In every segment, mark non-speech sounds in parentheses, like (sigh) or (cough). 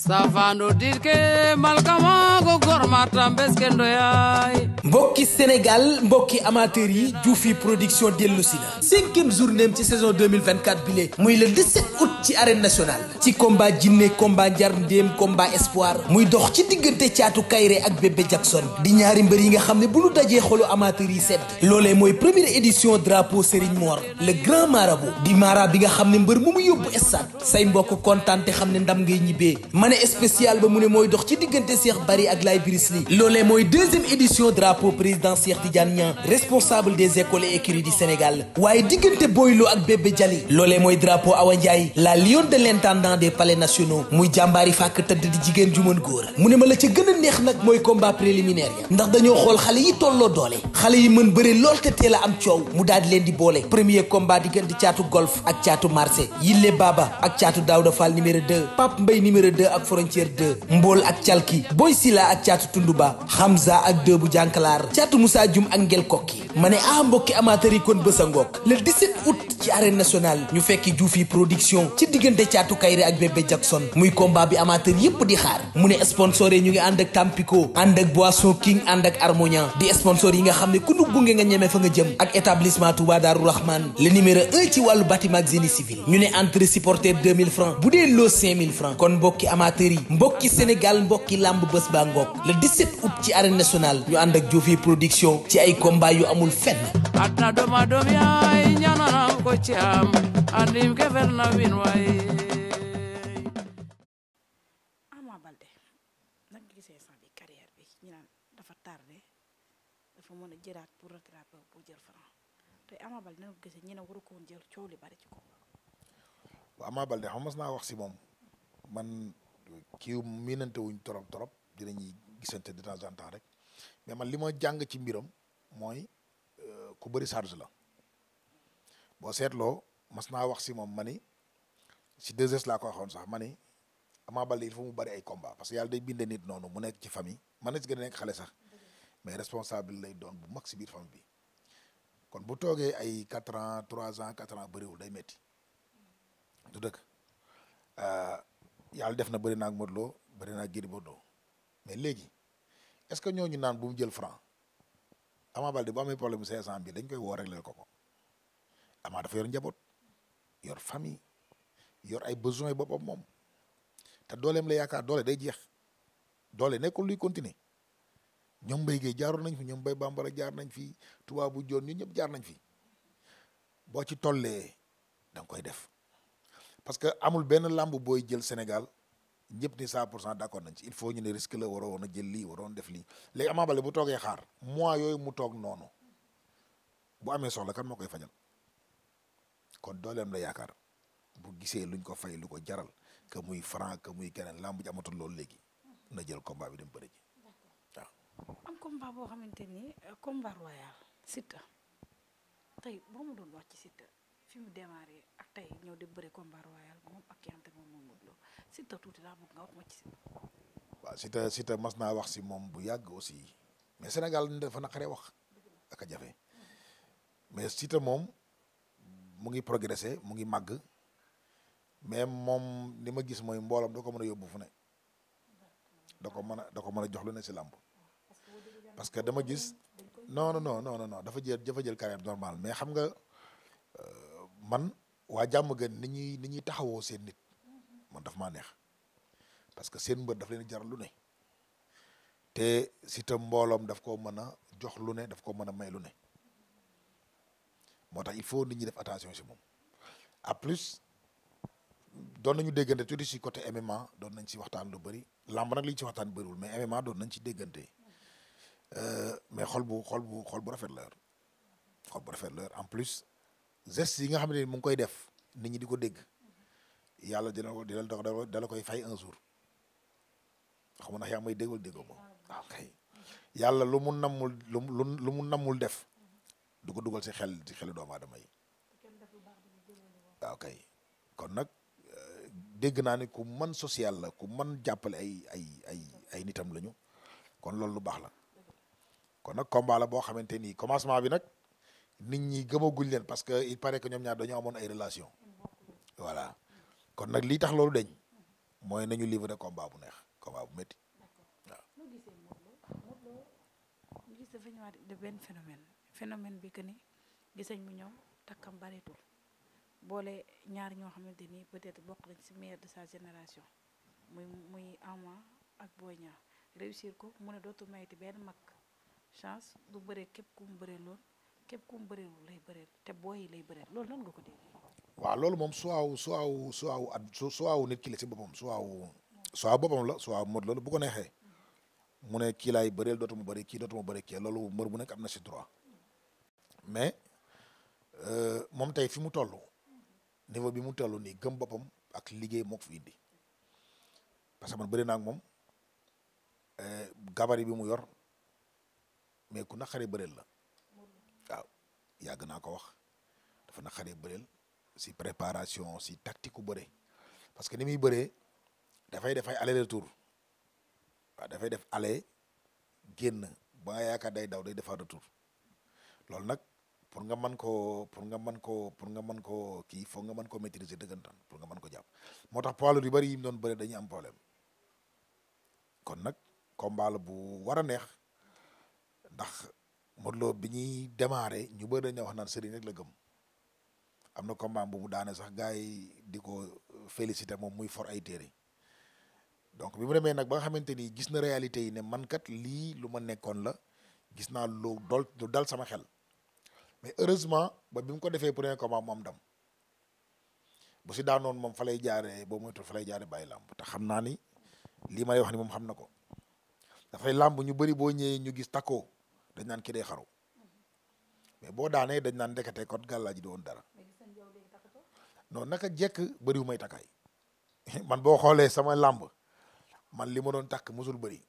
safando dit ke malkamago gormatam beskendo yay mbokki Sénégal mbokki amateur yi Juufi production dellu si na cinquième journée am ci saison 2024 bi lee muy le 17 août ci arène nationale ci combat jinne combat njar combat espoir muy dox ci diggante caatu kayre ak bébé Jackson di ñaari mbër yi nga xam ne bu ñu dajee xolu amateur yi sedd loolee mooy première édition drapeau Serigne moor le grand marabout di mara bi nga xam ne mbër mu mu yóbbu stade say mbokk kontaan te xam ne ndam ngay ñibbee ma ne spécial ba mu ne mooy dox ci diggante Cheikh Bari ak Laye Birisli loolee mooy deuxième drapeau président Cheikh Tidiane Niang responsable des écoles et écuries du Sénégal waaye diggante Boylo ak Bébé Jali loolee mooy drapeau Awa Ndiaye la lionne de l'intendant des palais nationaux muy jàmbaari fàkk tëdd di jigéen ju mën góor mu ne ma la ca gën neex nag mooy combat préliminaire ya ndax dañoo xool xale yi tolloo doole xale yi mën bëre lool te teel a am coow mu daal di leen di boole premier combat diggante caatu golf ak caatu marché Yille Baba ak caatu Daouda Fall numéro 2 Pape Mbaye numéro 2 ak frontière 2 Mbool ak Calki Boy Sila ak caatu Tunduba Hamza ak deux bu jànk xalaar caatu Moussa Dioum ak Ngel Kokki ma ne ah mbokki amateur yi kon bés a ngoog le 17 août ci arène nationale ñu fekki Dioufy production ci diggante caatu Kayre ak bébé Jackson muy combat bi amateur yépp di xaar mu ne sponsor yi ñu ngi ànd ak Tampico ànd ak Boisson King ànd ak Harmonian di sponsor yi nga xam ne ku nu gunge nga ñeme fa nga jëm ak établissement Touba Darou Rahman le ci wàllu bâtiment ak civil ñu ne entrée supporter 2000 francs bu dee loo francs kon yi mbokki Sénégal mbokki làmb bés baa ngoog Dioufy production ci ay combat yu amul fenn adna doma dom yaay ñaananam ko ci am andim ke fer na win waay Ama Baldé nag gisee san bi carrière bi ñu mën a jëraat pour jël te Ama Baldé nag gisee coow li bari ci ko waaw Ama Baldé xam mas naa wax si moom man kii miinante wuñ torop torop dinañuy gisante de temps rek mais man li ma jàng ci mbiram mooy euh, ku bëri charge la boo seetloo mas naa wax si moom ma ni si 2S laa ko waxoon sax ma ni Ama Baldé il faut mu bëri ay combat parce que yàlla day binde nit noonu mu nekk ci famille man na si gën a nekk xale sax mais responsable lay doon bu mag si biir famille bi kon bu toogee ay 4 ans 3 ans 4 ans bëriwul day metti du dëkk euh, yàlla def na bëri naa ak Modou Lo bëri naa ak Gris Bordeaux mais léegi. est-ce que ñooñu naan bu mu jël franc Ama Baldé bu amee problème mu 500 bi dañ koy woo régler ko ko Ama dafa yor njaboot yor famille yor ay besoins boppam moom te dooleem la yaakaar doole day jeex doole nekkul luy continuer ñoom mbéy gee jaaroon nañ fi ñoom mbéy bambara jaar nañ fi tubaabu joon ñu ñëpp jaar nañ fi boo ci tollee da nga koy def parce que amul benn làmb booy jël Sénégal ñëpp ni 100 pour cent d' accord nañ ci il faut ñu ne risque la waroon a jël lii waroon def lii léegi Ama Baldé mu toog noonu bu amee soxla kan moo koy fajal kon dooleem la yaakaar bu gisee luñ ko fay lu ko jaral que muy franc que muy keneen lamb ji amatul loolu léegi na jël combat bi dem bëri ji waaw. am combat boo xamante ni euh, combat royal. Siteu tey boo ma doon wax ci Siteu fi mu démarré ak tey ñëw di bëri combat royal moom ak ki nga xamante ne moom Siteu tuuti laa waaw Siteu Siteu mas naa wax si moom bu yàgg aussi mais Sénégal dafa naqaree wax ak jafe mais Siteu moom mu ngi progressé mu ngi màgg mais moom li ma gis mooy mboolam da ko mën a yóbbu fu ne da ko mën a da ko mën a jox lu ne si làmb parce que dama gis non non no non dafa jël dafa jël carrière normal mais xam nga euh, man waa jàmm gën ni ñuy ni ñuy taxawoo seen nit. man daf maa neex parce que seen mbër daf leen jaral lu ne te Siteu mbooloom daf koo mën a jox lu ne daf koo mën a may lu ne moo tax il faut nit ñi def attention si moom à plus doon nañu déggante tuuti si côté MMA doon nañ si waxtaan lu bëri lamb nag li ñu si waxtaan bëriwul mais MMA doon nañ si déggante euh, mais xol bu xol bu xol bu rafet la yor xol bu rafet la en plus geste yi nga xam ne mu ngi koy def nit ñi di ko dégg yàlla dina ko dina ko dala koy fay un jour xam nga yaa may déggool déggoo ma waaw ah, yàlla lu mu nammul mul mu lu mu nammul def du ko dugal si xel si xelu doomu aadama yi waaw ah, kon nag euh, dégg naa ni ku man social la ku mën jàppale ay ay ay ay nitam lañu kon loolu lu baax la kon nag combat la boo xamante ni commencement bi nag nit ñi gëmaguñ leen parce que il pare que ñoom ñaar dañoo amoon ay relation voilà kon nag lii tax loolu dañ mooy nañu livrer combat bu neex combat bu métti waaw. ñu gis dafa ñëwaat de benn phénomène phénomène bi que ni gisañ mu ñëw takkam bareetul boole ñaar ñoo xamante ni peut-être bokk nañ ci meilleur de sa génération muy muy Ama ak boo Niang réussir ko mu ne dootu mayti benn mag chance du bëree képp ku mu bëree lool képp ku mu bëree lay bëree te booy lay bëree loolu nan nga ko déggee. waaw loolu moom suwaaw suwaaw suwaaw at suwaaw nit ki la ci boppam suwaaw suwaaw boppam la suwaaw mot loolu bu ko neexee mu ne kii laay bëreel dootuma bëri kii dootuma bëri kii loolu mbër bu nekk am na si droit mais euh, moom tey fi mu toll niveau bi mu toll nii gëm boppam ak liggéey moo ko fi indi parce que man bëri naa ak moom euh, gabari bi mu yor mais ku naqaree bëreel la waaw yàgg naa ko wax dafa naqaree bëreel si préparation si tactique ku bëre parce que ni muy bëree dafay dafay aller retour waa dafay def aller génn ba nga yaakaar day daw day defar retour loolu nag pour nga mën koo pour nga mën koo pour nga mën koo kii foog nga mën koo maîtriser dëggantaan pour nga mën ko jàpp moo tax poids lourd yu bëri yi mu doon bëre dañuy am problème kon nag combat la bu war a neex ndax Modou Lo bi ñuy démarrer ñu bëri dañ wax naan sëriñ rek la gëm. am na comme bu mu daane sax gars yi di ko féliciter moom muy for ay téere donc bi mu demee nag ba nga xamante ni gis na réalité yi ne man kat lii lu ma nekkoon la gis naa lu dol lu dal sama xel mais heureusement ba bi mu ko defee premier combat mu am ndam bu si daanoon moom fa lay jaaree boo moytu fa lay jaaree bàyyi làmb te xam naa ni lii ma lay wax ni moom xam na ko dafay làmb ñu bari boo ñëwee ñu gis takko dañ naan ki day xaru mais boo daanee dañ naan ndekete kon gàllaa ji doon dara. nag a jekk bëriwu may takkaay (laughs) man boo xoolee sama làmb man li ma doon takk mosul bëri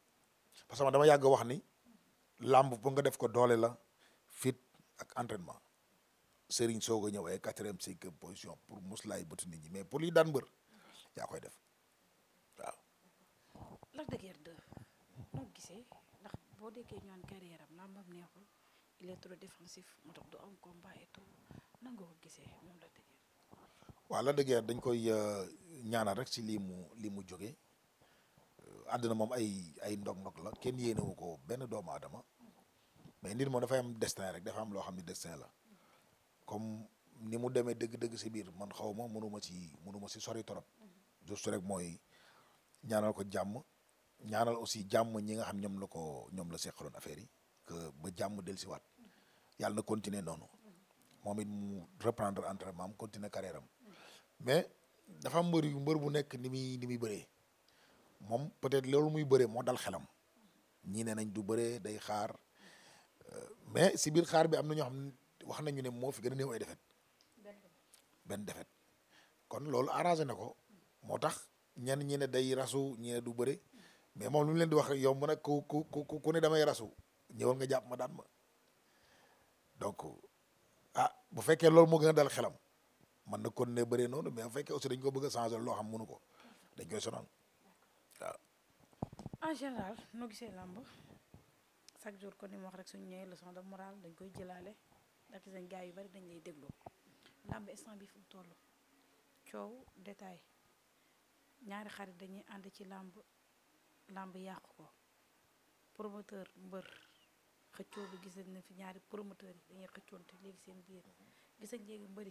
parce que man dama yàgg wax ni làmb bu nga def ko doole la fit ak entraînement Serigne Sow nga ñëw ay quatrième cinquième position pour muslaay bëtu nit ñi mais pour li daan mbër yaa koy def waaw. Lac de Guiers waaw Lac de Guiers dañ koy euh, ñaanal rek si lii mu lii mu jóge euh, àddina moom ay ay ndog-ndog la kenn yéenewu ko benn doomu aadama mais nit moom dafay am destin rek dafa am loo xam ne destin la comme ni mu demee dëgg-dëgg si biir man xaw ma mënu ma ci mënu ma ci sori torop juste rek mooy ñaanal ko jàmm ñaanal aussi jàmm ñi nga xam ñoom la ko ñoom la seqaloon affaire yi que ba jàmm dellusiwaat yàlla na continuer noonu moom it mu reprendre entre am continuer carrière am mais dafa am mbër yu mbër bu nekk ni muy ni muy bëree moom peut-être loolu muy bëree moo dal xelam ñii ne nañ du bëree day xaar euh, mais si biir xaar bi am na ñoo xam ne wax nañu ne moo fi gën a néew ay defet benn defet kon loolu arrangé na ko moo tax ñenn ñi ne day rasu ñi du bëre mais moom lu leen di wax yow mu nag ku ku ku ku ne damay rasu ñëwal nga jàpp ma daan ma donc ah bu fekkee loolu moo gën a dal xelam man na kon ne bëree noonu mais bu fekkee aussi dañ ko bëgg a changer loo xam mënu ko dañ koy sonal waaw. en général noo gisee làmb chaque jour ko ni mu wax rek suñ ñëwee leçon de morale dañ koy jëlaale ndax gis nañ yu bari dañ lay déglu làmb instant bi fu mu toll coow détail ñaari xarit dañuy ànd ci làmb làmb yàqu ko promoteur mbër xëccoo bi gis nañ fi ñaari promoteurs yi dañuy xëccoonte léegi seen biir gis nañ léegi mbër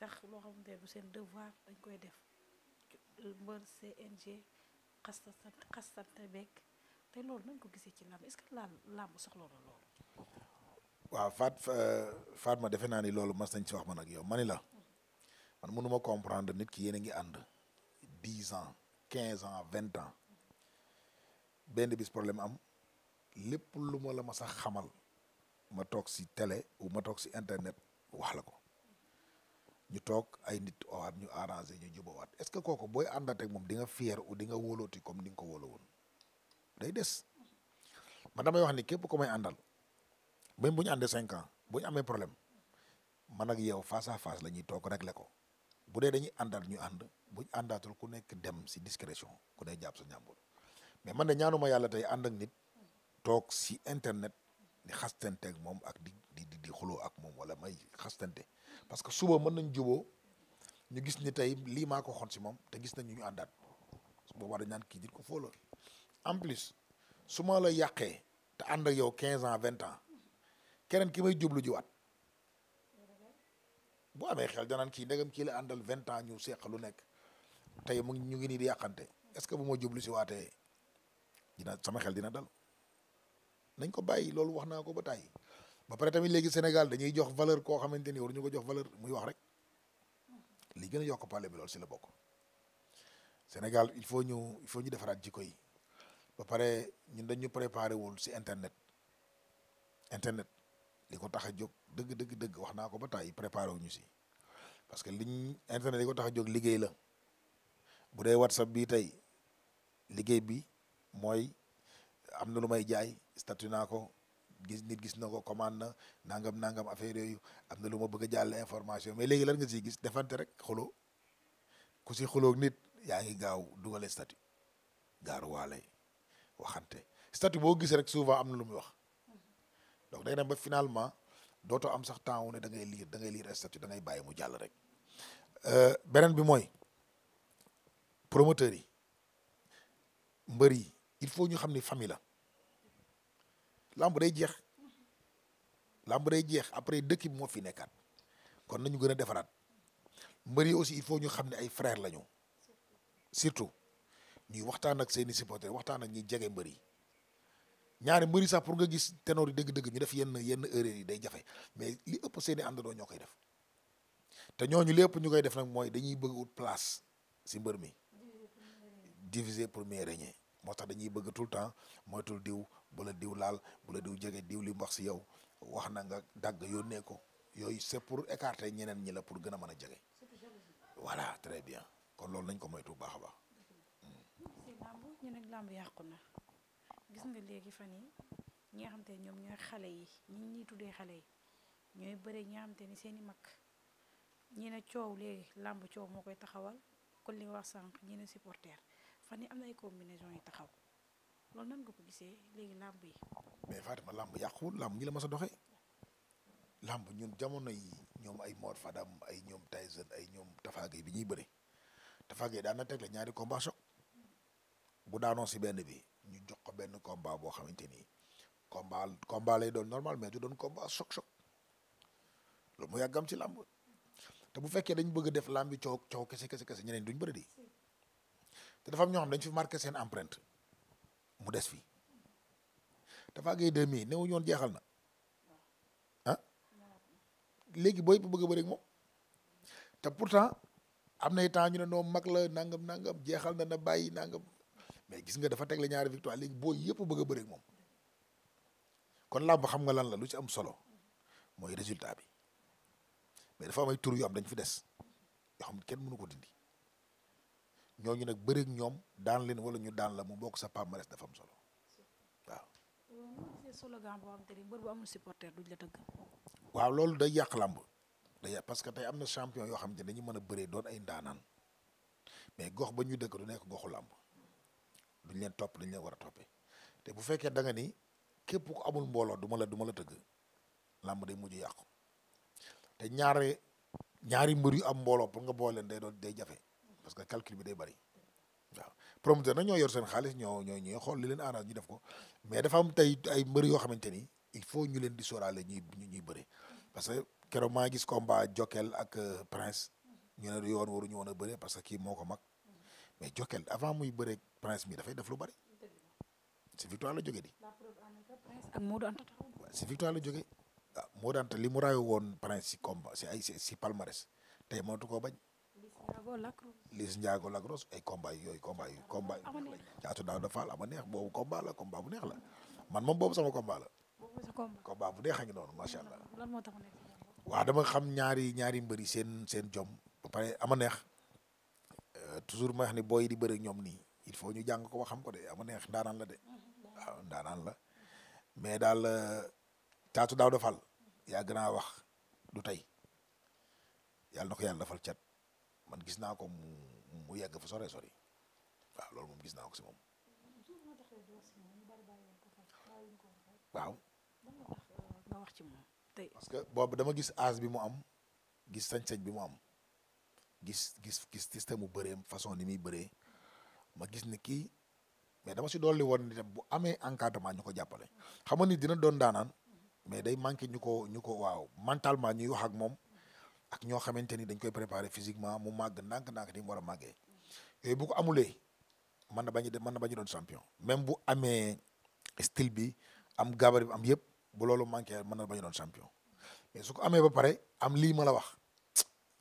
sax loo xamante ne bu seen devoir dañ koy def mbër CNG xasta sant xastante beeg te loolu nañ ko gisee ci làmb est-ce que laal làmb soxla na loolu. waaw Fat ma defe naa ni loolu mas nañ ci wax ma nag yow mani la man mënu ma comprendre nit ki yéen a ngi ànd dix ans quinze ans vingt ans benn bis problème am lépp lu ma la ma sax xamal ma toog si télé ou ma toog si internet wax la ko. ñu toog ay nit waxaat ñu arrangé ñu jubawaat est-ce que kooku booy àndaat ak moom di nga fier ou di nga wóolooti comme ni nga ko wóolowoon day des man damay wax ni képp ko may àndal même bu ñu àndee cinq ans bu ñu amee problème man ak yow face à face la ñuy toog réglé ko bu dee dañuy àndal ñu ànd bu ñu àndaatul ku nekk dem si discrétion ku ne jàpp sa ñàmbur mais man de ñaanuma yàlla tey ànd ak nit toog si internet di xastante ak moom ak di di di xuloo ak moom wala may xastante parce que suba mën nañ juboo ñu gis ni tey lii maa ko xon si moom te gis nañu ñu ñu àndaat boobaa dañ naan kii dit ko foo la en plus su ma la yàqee te ànd yow quinze ans vingt ans keneen ki may jublu jiwaat bu amee xel danaan kii ndegam kii la àndal vingt ans ñu seq lu nekk tey mu ñu ngi nii di yàqante est-ce que bu ma jublu si waatee dina sama xel dina dal nañ ko bàyyi loolu wax naa ko ba tàyyi ba pare tamit léegi Sénégal dañuy jox valeur koo xamante ni waruñu ko jox valeur muy wax rek li gën a yokk parler bi loolu si la bokk Sénégal il faut ñu il faut ñu defaraat jikko yi ba pare ñun dañu préparé wul si internet internet li ko tax a jóg dëgg dëgg wax naa ko ba tàyyi préparé wuñu si parce que liñ internet li ko tax a jóg liggéey la bu dee whatsapp bii tey liggéey bi mooy am na lu may jaay statut naa ko gis nit gis na ko command na nangam nangam affaire yooyu am na lu ma bëgg jàll information mais léegi lan nga siy gis defante rek xuloo ku si xuloo nit yaa ngi gaaw dugale statut gaaruwaale waale waxante statut boo gis rek souvent am na lu muy wax donc day dem ba finalement dooto am sax temps wu ne da ngay lire da ngay lire statut da ngay bàyyi mu jàll rek euh, beneen bi mooy promoteur yi mbër yi il faut ñu xam ni famille la làmb day jeex làmb day jeex après dëkk bi moo fi nekkaat kon nañu gën a defaraat mbër yi aussi il faut ñu xam ne ay frères lañu surtout ñuy waxtaan ak seeni supporters waxtaan ak ñi jege mbër yi ñaari mbër sax pour nga gis tenoor yi dëgg-dëgg ñu def yenn yenn erreur yi day jafe mais li ëpp seeni àndandoo ñoo koy def te ñooñu lépp ñu koy def nag mooy dañuy bëgg wut place si mbër mi diviser pour mieux régner moo tax dañuy bëgg tout le temps moytul diw bu la diw laal bu la diw jege diw li mu si yow wax na nga dagg ne ko yooyu c'est pour écarter ñeneen ñi la pour gën a mën a jege voilà très bien kon loolu nañ ko moytu bu baax a baax. si làmb ñu nag na gis nga léegi fan yi ñi nga ñoom ñooy xale yi ñi ñuy tuddee xale yi ñooy bëri ñi nga ni seen i mag ñi ne coow léegi làmb coow moo koy taxawal kon li nga wax sànq ñi ne supporter fan yi am na ay combinaison yi taxaw. loolu ko gisee léegi làmb yi. mais Fatima làmb yàquwul làmb ñi la ma sa doxee làmb ñun jamono yi ñoom ay Mor Fadam ay ñoom Tyson ay ñoom Tafa bi ñuy bëre Tafa daan na teg ñaari combat choc bu daanoo si benn bi ñu jox ko benn combat boo xamante ni combat combat lay doon normal mais du doon combat choc choc loolu mu yàggam si làmb te bu fekkee dañ bëgg def làmb yi coow coow kese kese kese ñeneen duñ bëri di te dafa ñoo xam dañ fi marqué seen empreinte. mu des fii Tapha Gueye 2000 néew ñoon jeexal na ah léegi booy bu bëgg a bëri moom te pourtant am na nay temps ñu ne noo mag la nangam nangam jeexal na na bàyyi nangam mais gis nga dafa teg ñaar ñaari victoire léegi booy yëpp bëgg a bëri moom kon làmb xam nga lan la lu ci am solo mooy résultat bi mais dafa am ay tur yu am dañ fi des yoo xam kenn mënu ko dindi. ñooñu nag bëri ak ñoom daan leen wala ñu daan la mu bokk sa palmarès dafa am solo waaw. slogan boo xam te ni mbër waaw loolu day yàq làmb day yàq parce que tey am na champion yoo xam te dañu mën a bëree doon ay ndaanaan mais gox ba ñu dëkk du nekk goxu làmb duñ leen topp dañ leen war a toppee te bu fekkee danga nga ni képp ku amul mbooloo du ma la du ma la tëgg làmb day mujj yàqu te ñaare ñaari mbër yu am mbooloo pour nga boole leen day doon day jafe. parce que calcul bi day bëri waaw promoteur nag ñoo yor seen xaalis ñoo ñoo ñooy xool li leen arrange ñu def ko mais dafa am tey ay mbër yoo xamante ni il faut ñu leen di sóoraale ñuy ñuy bëri parce que keroog maa gis combat Jokal ak euh, Prince ñu ne yoon waruñu woon a bëree parce que kii moo ko mag mais Jokal avant muy bëree Prince mi dafay def lu bëri si victoire la jógee di. ak Modou Anta si victoire la jógee ah Modou Anta li mu raayoo woon Prince si combat si ay si palmarès tey mënatu koo bañ. Liss Ndiago Lac Rose ay combat yooyu combat yu combat caatu daaw dafa am a neex boobu combat la combat bu neex la man moom boobu sama combat la combat bu neex a ngi noonu macha allah waaw dama xam ñaari ñaari mbëri seen seen jom ba pare ama neex euh, toujours ma wax ne di bëri ñoom nii il faut ñu jàng ko xam ko de ama neex ndaanaan la de ndaanaan la mais daal euh, caatu daaw yaa yàgg naa wax du tey yàlla na ko yàlla dafal cat man gis naa ko mu mu yegg fu sore sori waaw loolu moom gis naa ko si moom. waaw. nga parce que boobu dama gis âge bi mu am gis sañ-sañ bi mu am gis gis gis système mu bëree façon ni muy bëree ma gis ni kii mais dama si dolli woon ni tam bu amee encadrement ñu ko jàppale. xam nga ni dina doon daanaan mais day manqué ñu ko ñu ko waaw mentalement ñuy wax ak moom. ak ñoo xamante ni dañ koy préparer physiquement mu màgg ndànk-ndànk di mu war a màggee yooyu bu ko amulee mën na bañ mën na bañ doon champion même bu amee style bi am gabarit bi am yëpp bu loolu manqué mën na bañ doon champion mais su ko amee ba pare am lii ma a wax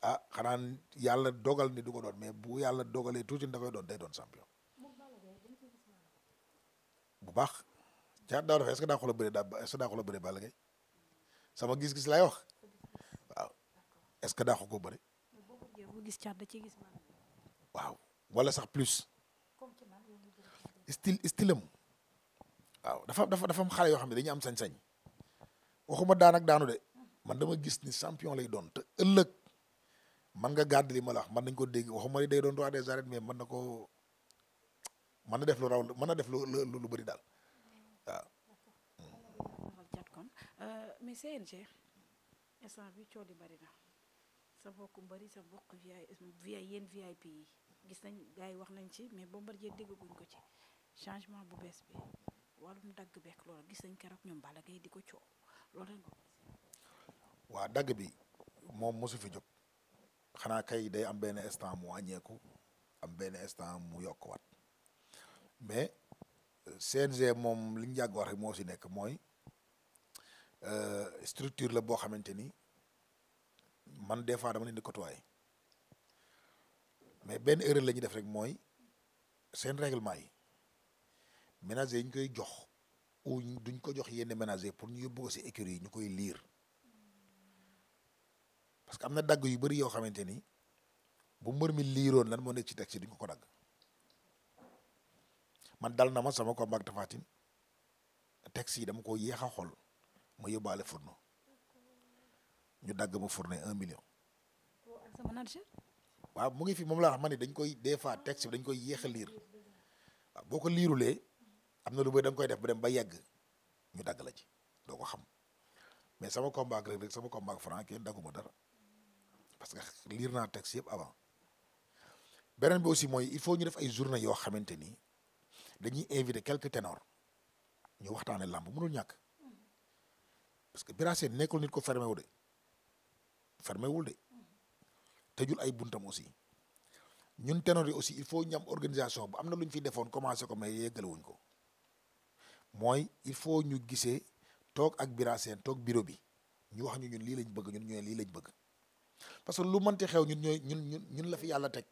ah xanaa yàlla dogal ni du ko doon mais bu yàlla dogalee tuuti dafay doon day doon champion bu baax jaar daaw dafa est-ce que daa xool a bëri daa est-ce que daa xool sama gis-gis laay wax est-ce que daaxu ko bëre. gis da ciy gis man. waaw wala sax plus. style style am waaw dafa dafa dafa xale yoo xam ne dañuy am sañ-sañ waxuma daan ak daanu de man dama gis ni champion lay doon te ëllëg man nga gàdd li ma la man nañ ko dégg waxuma ni day doon roi des arènes mais man na ko mën na def lu raw mën na def lu lu daal euh, bari na. sa mbokku mbëri sa mbokk vi yéen VIP yi gis nañ gars wax nañ ci mais Bombardier déggaguñ ko ci changement bu bees bi wàllum dagg beek loolu gis nañ keroog ñoom Balla Gaye di ko coow loolu waa dagg bi moom mosu fi jóg xanaa kay day am benn instant mu wàññeeku am benn instant mu yokkuwaat mais CNG moom liñ ñu yàgg wax rek moo si nekk mooy euh, structure la boo xamante ni. man des fois dama leen di côtoyer mais benn erreur lañuy def rek mooy seen réglement yi ménager yi ñu koy jox ou duñ ko jox yenn ménager pour ñu yóbbu ko si écurie yi ñu koy liir parce que am na dagg yu bëri yoo xamante ni bu mbër mi liiroon lan moo nekk ci teg si duñ ko dagg man dal na ma sama combat Tapha si dama ko yéex a xool ma yóbbaale furno ñu dagg ma fourné un million. sa waaw mu ngi fi moom laa wax ma ne dañ koy des fois texte bi dañ koy yéex a liir waaw boo ko liirulee am na lu ba da koy def ba dem ba yàgg ñu dagg la ci doo ko xam mais sama combat rek rek sama combat franc kenn dagguma dara parce que liir naa texte yëpp avant beneen bi aussi mooy il faut ñu def ay journée yoo xamante ni dañuy invité quelques ténors ñu waxtaanee làmb mënul ñàkk parce que Bira Sène nekkul nit ko fermé wu de. fermé wul de tëjul ay buntam aussi ñun ténor yi aussi il faut ñam organisation bu am na lu ñu fi defoon commencé ko mais yeggalewuñ ko mooy il faut ñu gisee toog ak Bira toog biro bi ñu wax ñu ñun lii lañ bëgg ñun ñu ne lii lañ bëgg parce que lu mënti xew ñun ñooy ñun ñun ñun la fi yàlla teg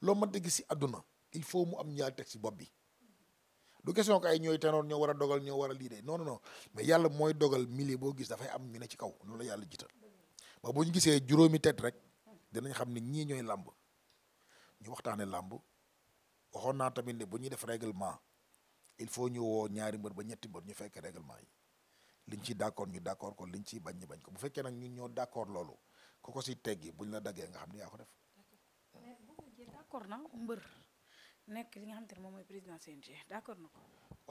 loo mënti gis si àdduna il faut mu am ñaar teg si bopp bi du question ko ay ñooy ténor ñoo war a dogal ñoo war a lii de non non non mais yàlla mooy dogal milieu boo gis dafay am ñu ne ci kaw loolu la yàlla jiital ba bu ñu gisee juróomi tet rek dinañ xam ni ñii ñooy làmb ñu waxtaanee làmb waxoon naa tamit ne bu ñuy def réglement il faut ñu woo ñaari mbër ba ñetti mbër ñu fekk règlement yi liñ ciy d'accord ñu d'accord ko ciy bañ bañ ko bu fekkee nag ñu ñoo d'accord loolu ku ko si teggi buñ la daggee nga xam ne yaa ko def. d'accord na mbër nekk li nga xam te ne moom mooy président CNG d'accord na ko.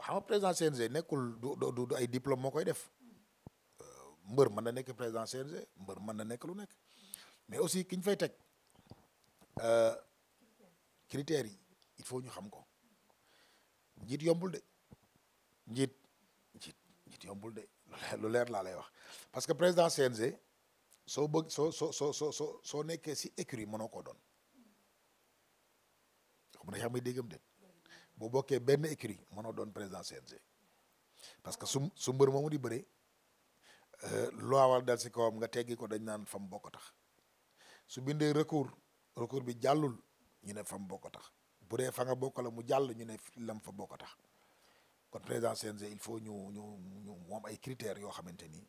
xam président CNG nekkul du du du ay diplôme moo koy def. mbër mën na nekk président CNG mbër mën na nekk lu nekk mais aussi ki ñu fay teg euh, critères yi il faut ñu xam ko njiit yombul de njiit njiit njiit yombul de lu leer laa lay wax parce que président CNG soo bëgg soo soo soo soo soo soo nekkee si écurie mënoo koo doon xam na yaa may déggam de boo bokkee benn écurie mënoo doon président CNG parce que su su mbër moomu di bëree Euh, luwaawal dal si kawam nga teggi ko dañ naan fam bokk tax su bindee recours recours bi jàllul ñu ne fam bokk tax bu dee fa nga bokk la mu jàll ñu ne lam fa bokk tax kon président CNG il faut ñu ñu ñu moom ay critères yoo xamante ni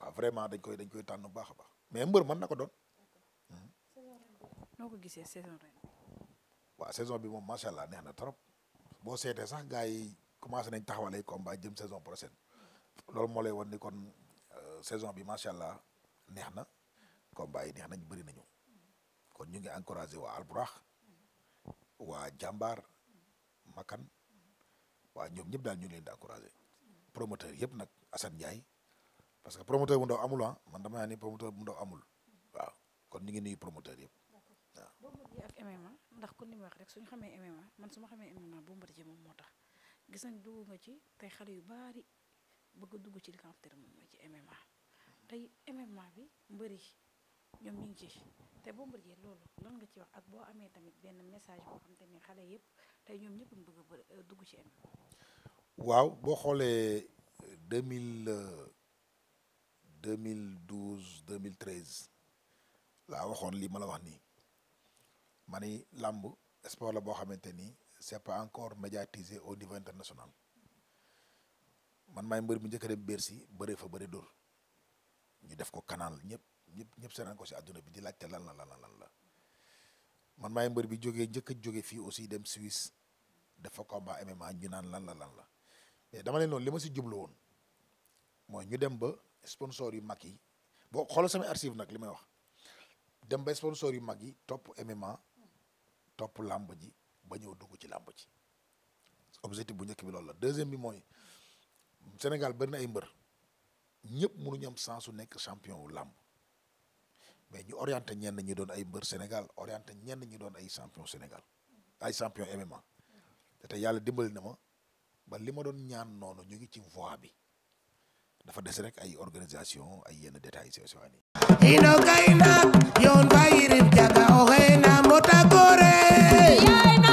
waa vraiment dañ koy dañ koy tànn bu baax a baax mais mbër mën na ko doon. noo gisee saison saison bi moom macha allah neex na trop boo seetee sax gars yi commencé nañ taxawal ay combat jëm saison prochaine mm-hmm. loolu moo lay wan kon. saison bi macha allah neex na combat yi neex nañ bëri nañu kon ñu ngi encouragé waa Alburax waa jàmbaar Makan waa ñoom ñëpp daal ñu ngi leen di encouragé promoteur yëpp nag Assane Ndiaye parce que promoteur bu ndaw amul ah man dama promoteur bu ndaw amul waaw kon ñu ngi nuyu promoteur yëpp waaw. ak ndax kon ni ma wax rek suñ xamee MMA man su ma xamee MMA Bombardier moom moo tax gis nañ dugg nga ci te xale yu baari bëgg dugg ci li nga xam moom mooy ci tey MMA bi mbëri ñoom ñu ngi ci te Bombardier loolu lan nga ci wax ak boo amee tamit benn message boo xam te ni xale yëpp tey ñoom ñëpp ñu bëgg a euh, dugg ci MMA. waaw boo xoolee euh, deux mille euh, deux mille douze deux mille laa waxoon lii ma la wax nii ma ni làmb sport la boo xamante ni c'est pas encore médiatisé au niveau international man maay mbër mi njëkk a dem Bercy bëree fa bëri dóor. ñu def ko canal ñëpp ñëpp ñëpp seetaan ko si àdduna bi di laajte lan la lan lan la man maay mbër bi jógee njëkk a jóge fii aussi dem Suisse dafa baa MMA ñu naan lan la lan la mais dama leen noonu li ma si jublu woon mooy ñu dem ba sponsor yu mag yi boo xoolal samay archive nag li may wax dem ba sponsor yu mag yi topp MMA topp làmb ji ba ñëw dugg ci làmb ji objectif bu njëkk bi loolu la deuxième bi mooy Sénégal bari na ay mbër ñépp mënuñu am sens su nekk champion wu làmb mais ñu orienté ñenn ñi doon ay mbër Sénégal orienté ñenn ñi doon ay champion Sénégal ay champion MMA te tey yàlla dimbali na ma ba li ma doon ñaan noonu ñu ngi ci voie bi dafa des rek ay organisation ay yenn détails si osewaan yi ino gayna yoon ba yirib jaga oxe na mota gore